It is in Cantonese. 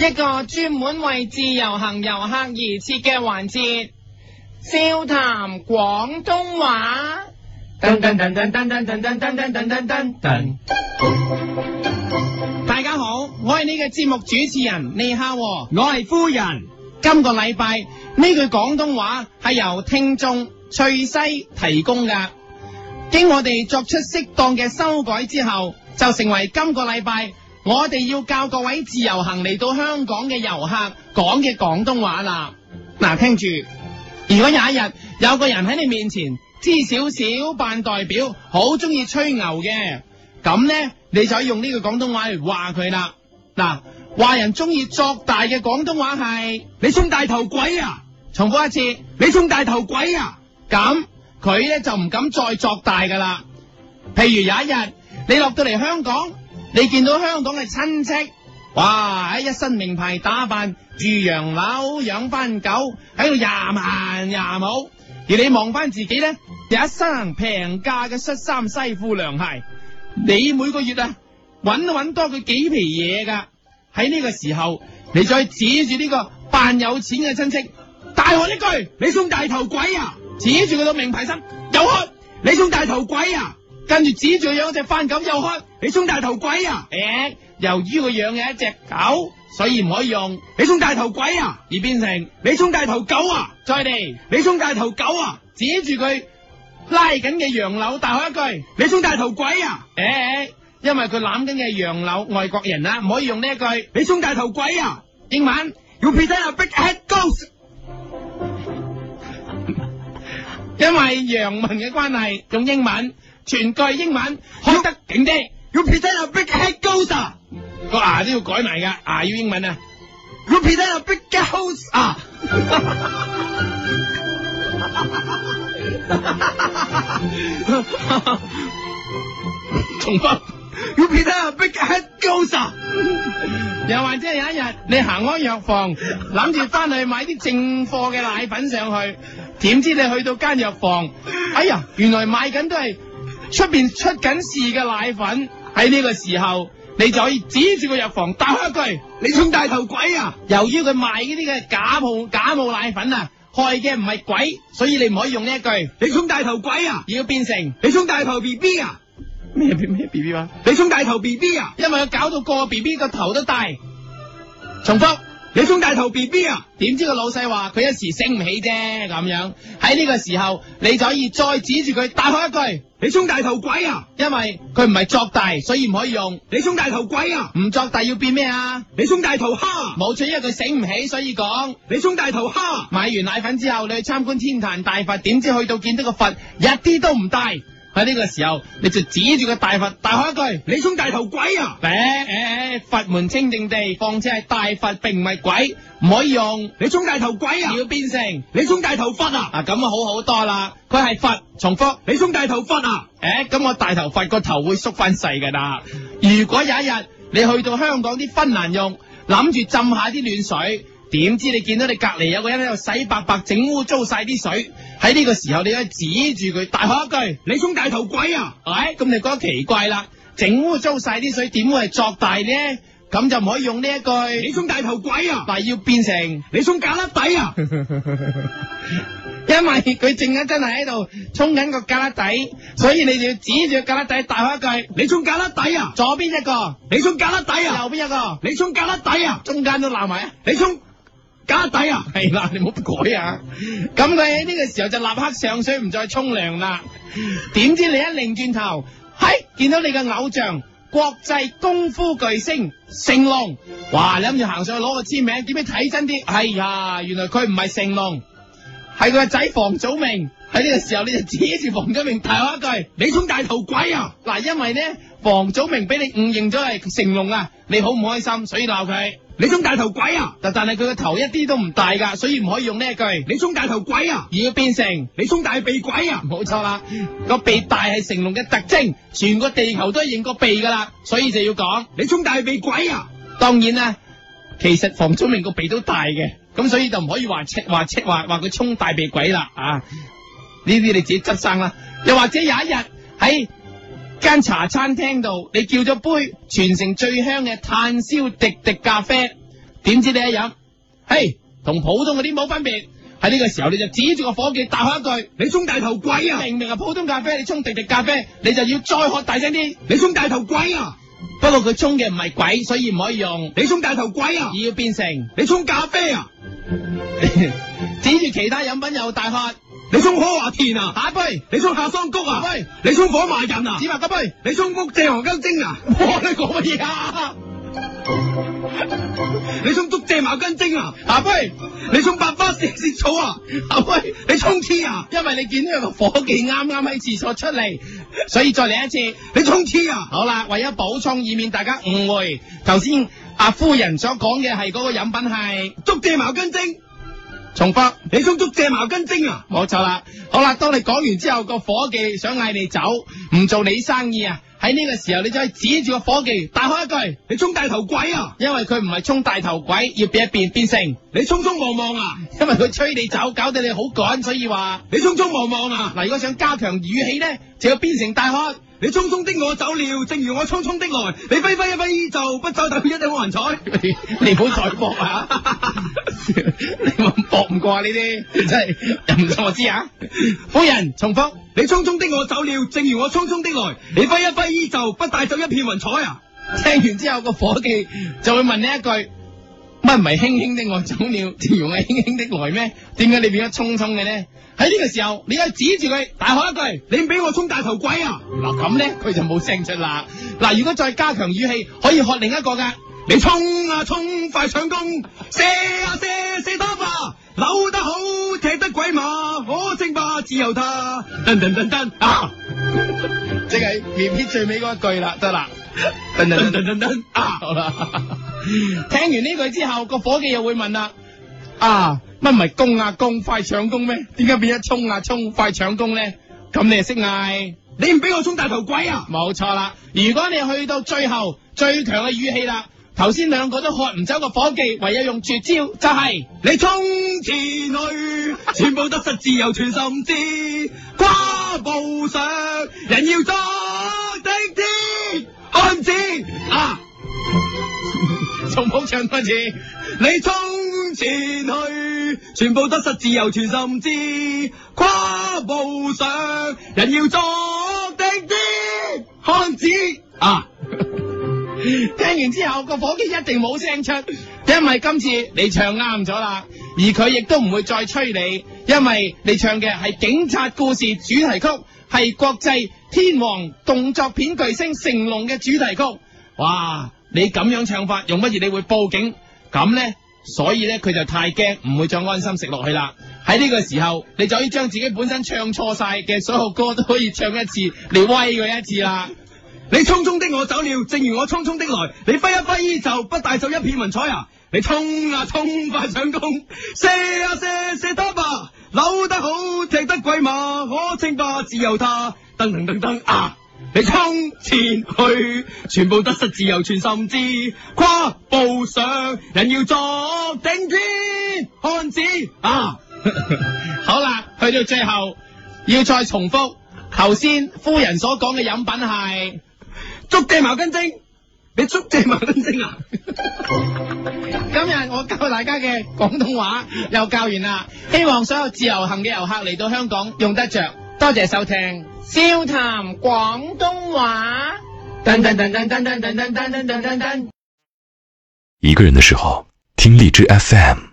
一個專門為自由行遊客而設嘅環節，笑談廣東話。大家好，我係呢個節目主持人尼哈，我係夫人。今個禮拜呢句廣東話係由聽眾翠西提供嘅，經我哋作出適當嘅修改之後，就成為今個禮拜。我哋要教各位自由行嚟到香港嘅遊客講嘅廣東話啦。嗱、啊，聽住。如果有一日有個人喺你面前知少少扮代表，好中意吹牛嘅，咁呢，你就用呢句廣東話嚟話佢啦。嗱、啊，話人中意作大嘅廣東話係你充大頭鬼呀！重複一次，你充大頭鬼呀！咁佢呢就唔敢再作大噶啦。譬如有一日你落到嚟香港。你見到香港嘅親戚，哇喺一身名牌打扮，住洋樓，養番狗，喺度廿萬廿冇。而你望翻自己咧，一身平價嘅恤衫、西褲、涼鞋，你每個月啊，搵都搵多佢幾皮嘢噶。喺呢個時候，你再指住呢個扮有錢嘅親戚，大喊一句：你充大頭鬼啊！指住佢個名牌衫，又去，你充大頭鬼啊！跟住指住養隻番狗又開，你充大頭鬼啊！誒，由於佢養嘅一隻狗，所以唔可以用，你充大頭鬼啊！而變成你充大頭狗啊！再嚟，你充大頭狗啊！指住佢拉緊嘅洋柳，大喊一句：你充大頭鬼啊！誒，因為佢攬緊嘅洋柳外國人啊，唔可以用呢一句。你充大頭鬼啊！英文要變翻阿 Big Head Ghost，因為洋文嘅關係用英文。全句英文好得勁啲，要 Peter and Big Head Gosa，個牙都要改埋噶，牙要英文啊，要 Peter and Big Head Gosa，重翻，要 Peter and Big Head Gosa。又或者有一日你行開藥房，諗住翻去買啲正貨嘅奶粉上去，點知你去到間藥房，哎呀，原來買緊都係。出邊出緊事嘅奶粉，喺呢個時候，你就可以指住個藥房大喊一句：你充大頭鬼啊！由於佢賣呢啲嘅假冒假冒奶粉啊，害嘅唔係鬼，所以你唔可以用呢一句：你充大頭鬼啊！而要變成、嗯、你充大頭 B B 啊？咩咩 B B 啊？你充大頭 B B 啊？因為佢搞到個 B B 個頭都大。重複。你充大頭、BB、B B 啊？點知個老細話佢一時醒唔起啫咁樣。喺呢個時候，你就可以再指住佢大喝一句：你充大頭鬼啊！因為佢唔係作大，所以唔可以用。你充大頭鬼啊！唔作大要變咩啊？你充大頭蝦，冇錯，因為佢醒唔起，所以講你充大頭蝦。買完奶粉之後，你去參觀天壇大佛，點知去到見到個佛一啲都唔大。喺呢個時候，你就指住個大佛大喊一句：你充大頭鬼啊！誒誒、哎哎，佛門清淨地，況且係大佛，並唔係鬼，唔可以用。你充大頭鬼啊！要變成你充大頭佛啊！啊，咁啊好好多啦。佢係佛，重複，你充大頭佛啊！誒、哎，咁我大頭佛個頭會縮翻細噶啦。 如果有一日你去到香港啲芬蘭用，諗住浸下啲暖水。點知你見到你隔籬有個人喺度洗白白，整污糟晒啲水。喺呢個時候，你可以指住佢，大喊一句：你充大頭鬼啊！哎，咁你覺得奇怪啦，整污糟晒啲水點會係作大呢？咁就唔可以用呢一句：你充大頭鬼啊！但係要變成你沖架甩底啊！因為佢正緊真係喺度沖緊個架甩底，所以你就要指住架甩底，大喊一句：你沖架甩底啊！左邊一個，你沖架甩底啊！右邊一個，你沖架甩底啊！中間都鬧埋，你沖。家底啊，係啦，你冇得改啊！咁佢喺呢個時候就立刻上水唔再沖涼啦。點 知你一擰轉頭，係、哎、見到你嘅偶像國際功夫巨星成龍，哇！你諗住行上去攞個簽名，看看點知睇真啲，哎呀，原來佢唔係成龍，係佢個仔房祖名，喺呢個時候你就指住房祖名，大我一句：你充大頭鬼啊！嗱，因為咧房祖名俾你誤認咗係成龍啊，你好唔開心，所以鬧佢。你充大頭鬼啊？但但係佢個頭一啲都唔大噶，所以唔可以用呢一句。你充大頭鬼啊？而要變成你充大鼻鬼啊？冇錯啦，個鼻大係成龍嘅特徵，全個地球都認個鼻噶啦，所以就要講你充大鼻鬼啊。當然啦，其實房祖名個鼻都大嘅，咁所以就唔可以話斥話斥話話佢充大鼻鬼啦啊！呢啲你自己執生啦。又或者有一日喺。間茶餐廳度，你叫咗杯全城最香嘅炭燒滴滴咖啡，點知你一飲，嘿，同普通嗰啲冇分別。喺呢個時候，你就指住個夥計大喝一句：你充大頭鬼呀！明明係普通咖啡，你充滴滴咖啡，你就要再喝大聲啲。你充大頭鬼呀！不過佢充嘅唔係鬼，所以唔可以用。你充大頭鬼呀！而要變成你充咖啡呀！ 指住其他飲品又大喝。你沖開華田啊？阿輝屁，你沖夏桑菊啊？喂屁，你沖火賣人啊？芝麻雞，你沖谷借茅根精啊？ 你講乜嘢啊？ 你沖竹蔗茅根精啊？阿輝，你沖白花蛇舌草啊？阿輝屁，屁你沖黐啊？因為你見到呢個伙計啱啱喺廁所出嚟，所以再嚟一次， 你沖黐啊？好啦，為咗補充，以免大家誤會，頭先阿夫人所講嘅係嗰個飲品係竹蔗茅根精。重複，你沖足借茅根精啊？冇錯啦。好啦，當你講完之後，個伙計想嗌你走，唔做你生意啊。喺呢個時候，你就可以指住個伙計大喝一句：你沖大頭鬼啊！因為佢唔係沖大頭鬼，要變一變，變成你匆匆忙忙啊。因為佢催你走，搞到你好趕，所以話你匆匆忙忙啊。嗱，如果想加強語氣咧，就要變成大喝。你匆匆的我走了，正如我匆匆的來。你揮揮一揮衣袖，不帶走一片雲彩。 你唔好再搏啊！你唔搏唔過啊！呢啲真係有唔有我知啊？ 夫人，重複，你匆匆的我走了，正如我匆匆的來。你揮一揮衣袖，不帶走一片雲彩啊！ 聽完之後個伙計就會問你一句。乜唔係輕輕的我走了，用係輕輕的來咩？點解你變咗匆匆嘅呢？喺呢個時候，你又指住佢大喝一句：，你唔俾我充大頭鬼啊！嗱咁咧，佢就冇聲出啦。嗱、啊，如果再加強語氣，可以學另一個嘅，你衝啊衝，快搶攻，射啊射，射得嘛，扭得好，踢得鬼馬，我正吧，自由他，噔噔噔噔啊！即係偏偏最尾嗰句啦，得啦，噔噔噔噔噔啊，好啦。 聽完呢句之後，個伙計又會問啦、啊：啊，乜唔係攻啊攻，快搶攻咩、啊？點解變咗衝啊衝，快搶攻咧？咁你又識嗌？你唔俾我充大頭鬼啊！冇錯啦，如果你去到最後最強嘅語氣啦，頭先兩個都喝唔走個伙計，唯有用絕招，就係、是、你衝前去，全部得失自由傳，甚至瓜步上人要多，從冇唱多次，你衝前去，全部得失自由全甚至跨步上，人要做頂天漢子啊！ 聽完之後個火機一定冇聲出，因為今次你唱啱咗啦，而佢亦都唔會再催你，因為你唱嘅係《警察故事》主題曲，係國際天王動作片巨星成龍嘅主題曲，哇！你咁樣唱法，用唔著你會報警咁呢？所以咧佢就太驚，唔會再安心食落去啦。喺呢個時候，你就可以將自己本身唱錯晒嘅所有歌都可以唱一次，嚟威佢一次啦。 你匆匆的我走了，正如我匆匆的來，你揮一揮衣袖，不帶走一片雲彩啊！你衝啊，衝快上攻，射啊射射得吧，扭得好，踢得鬼馬，我稱霸自由他，噔噔噔噔，噔啊！你衝前去，全部得失自由穿，甚至跨步上人要作頂天漢子啊！ 好啦，去到最後要再重複頭先夫人所講嘅飲品係竹蔗茅根精，你竹蔗茅根精啊！ 今日我教大家嘅廣東話又教完啦，希望所有自由行嘅遊客嚟到香港用得着。多謝收聽，笑談廣東話。一個人的時候，聽荔枝 FM。